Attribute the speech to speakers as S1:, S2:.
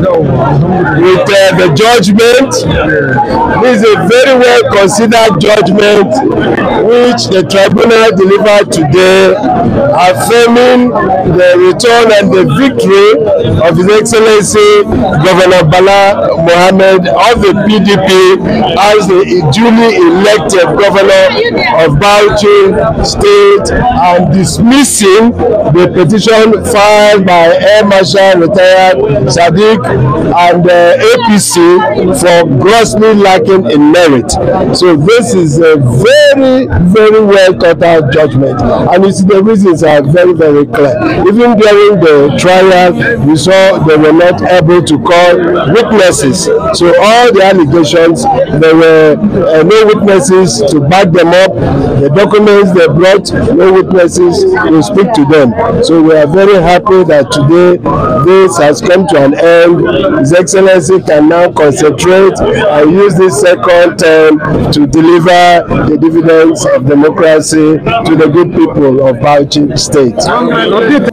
S1: With uh, the judgment, this is a very well considered judgment which the tribunal delivered today, affirming the return and the victory of His Excellency Governor Bala Mohammed of the PDP as the duly elected governor of Bauchi State and dismissing the petition filed by Air Marshal retired Sadiq and uh, APC for grossly lacking in merit. So this is a very, very well thought out judgment. And it's the reasons are very, very clear. Even during the trial, we saw they were not able to call witnesses. So all the allegations, there were uh, no witnesses to back them up. The documents they brought, no witnesses to speak to them. So we are very happy that today this has come to an end His Excellency can now concentrate and use this second term to deliver the dividends of democracy to the good people of Bauchi State.